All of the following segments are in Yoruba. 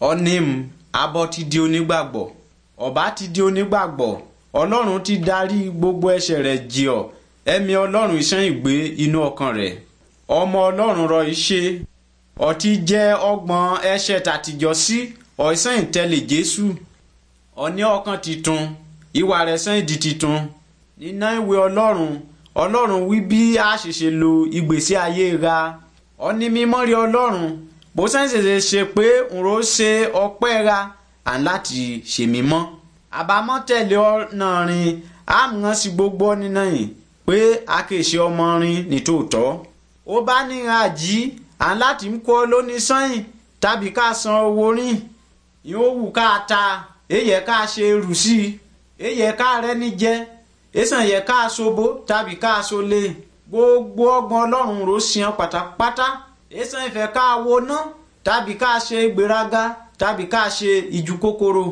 onim abọ ti di onígbàgbọ́ ọba ti di onígbàgbọ́ ọlọ́run ti darí gbogbo ẹ̀ṣẹ̀ rẹ̀ jìọ̀ ẹ̀mí ọlọ́run iṣẹ́ ìgbé inú ọkàn rẹ̀ ọmọ ọlọ́run rọ iṣẹ́ ọtí jẹ́ ọgbọ̀n ẹ̀ṣẹ̀ tàtijọ́ sí ọ̀sán ìtẹ́lẹ̀ jésù ọ̀ní ọkàn titun ìwà rẹ̀ sẹ́yìn di titun nínú ìwé ọlọ́run ọlọ́run wí bí a ṣẹ̀ṣẹ̀ lo ìgbésí ayé ra ọ̀ní mímọ́ rí ọlọ́run bó ṣẹ̀ṣẹ̀ ṣe pé nro ṣe ọpẹ́ ra à ń láti ṣe mí mọ́ àbámọ́ tẹ̀lé ọ̀nà rìn àmọ́ sí gbogbo nínú yìí pé a kì í ṣe ọmọ rìn nítòótọ́ ó bá níra jí à ń láti ń kó lóní sọ́yìn tàbí ká san owó rìn yóò wù ká ta èyẹ ká ṣe rù sí i èyẹ ká rẹ́ni jẹ èsàn yẹ ká ṣobo tàbí ká ṣolé gbogbo ọgbọ́n ọlọ́run ló ṣiyan pátápátá èso ìfẹ́ ká woná tàbí ká ṣe gbéraga tàbí ká ṣe ìjú kòkòrò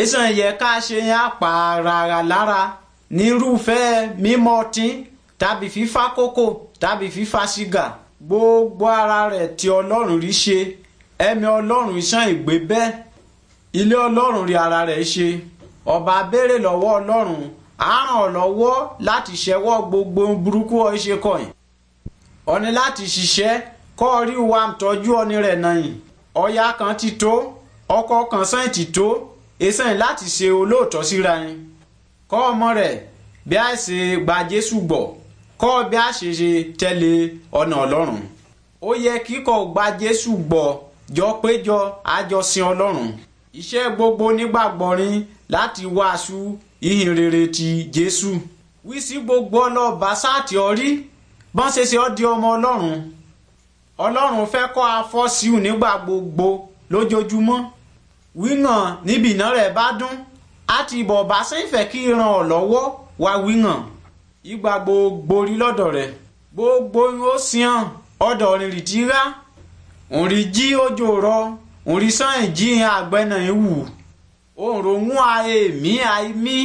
èso ìyẹ ká ṣe apàràrà lára nírúfẹ́ mímọ́ ọtí tàbí fífa kókò tàbí fífa ṣìgá gbogbo ara rẹ̀ tí ọlọ́run rí ṣe ẹ̀mí ọlọ́run iṣan ìgbé bẹ́ẹ̀ ilé ọlọ́run rí ara rẹ̀ ṣe ọba béèrè lọ́wọ́ ọlọ́run á ràn ọ́ lọ́wọ́ láti ṣẹ́wọ́ gbogbo burúkú ọ ṣe kọ̀yìn ọ ní láti ṣiṣẹ́ kọ́ rí wa tọ́jú ọni rẹ̀ nàyìn ọ̀yà kan ti tó ọkọ kan sàn ti tó èsàn láti ṣe olóòtọ́ síra yín kọ́ ọmọ rẹ̀ bí a ṣe gba Jésù gbọ́ kọ́ bí a ṣe ṣe tẹ̀lé ọ̀nà Ọlọ́run ó yẹ kíkọ́ gba Jésù gbọ́ jọ péjọ àjọsìn Ọlọ́run iṣẹ́ gbogbo nígbàgbọ́ rin láti wàásù ìhìn rere ti Jésù wí sí gbogbo ọlọ́ọ̀bá sáà tí ọ rí bọ́n ṣe ṣe ọ́ di ọmọ Ọlọ́run ọlọ́run fẹ́ kọ́ afọ́síù nígbà gbogbo lójoojúmọ́ wíhàn níbi iná rẹ̀ bá dún àti ìbọ̀ bá sẹ́fẹ̀ kí ràn ọ́ lọ́wọ́ wá wíhàn ìgbà gbogbo rí lọ́dọ̀ rẹ̀ gbogbo ó sìn ọ̀dọ̀ rìnrìn tí rá òrì jí ojú rọ òrì sàn ìjìyàn àgbẹ̀nà ìwù òǹròhún àìmí àìmí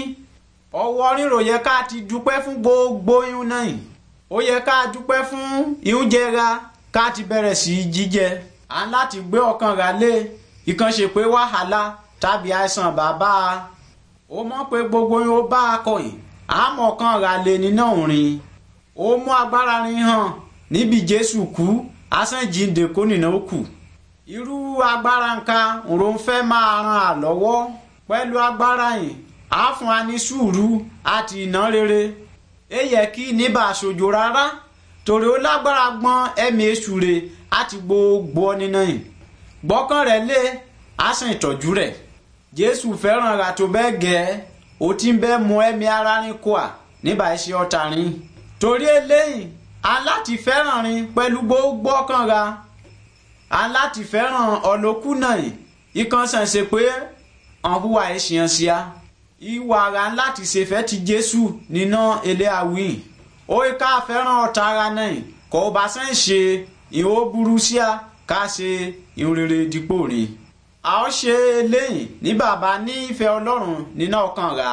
ọwọ́ ríro yẹ ká ti dúpẹ́ fún gbogbo irun náà ó yẹ ká dúpẹ́ fún irun jẹra ká ti bẹ̀rẹ̀ sí í jíjẹ à ń láti gbé ọkàn rà lé ìkànṣe pé wàhálà tàbí àìsàn bàbá ó mọ̀ pé gbogbo yín ó bá akọ̀yìn àmọ́ ọkàn rà lé nínú òrin ó mú agbára rin hàn níbi Jésù kú asánjínde kó nìna ó kù irú agbára nǹkan òrò ń fẹ́ máa ran à lọ́wọ́ pẹ̀lú agbára yìí á fún sùúrù àti ìná ẹ yẹ kí ní bá rárá torí ó lágbára gbọ́n ẹ̀mí èṣù rẹ̀ àti gbogbo ọ nínú yìí gbọ́kàn rẹ̀ lé àsàn ìtọ́jú rẹ̀ jésù fẹ́ràn rà tó bẹ́ẹ̀ gẹ́ ó ti ń bẹ́ẹ̀ mú ẹ̀mí ara rìn kó à níbà iṣẹ́ ọ̀tá rìn torí eléyìí aláti fẹ́ràn rìn pẹ̀lú gbogbo ọkàn ra aláti fẹ́ràn ọ̀lọ́kù náà ìkànsán ṣe pé ọ̀húnwá ìṣìyànṣíà ìwà ara láti ṣe fẹ́ ti jésù nínú ilé àwìn oyi ká fẹ́ràn ọ̀tá ara náà kò bá sẹ́ ń ṣe ìhó burú síá ká ṣe ìhun rere dípò rẹ̀ a ó ṣe eléyìí ní bàbá ní ìfẹ́ ọlọ́run nínú ọkàn rà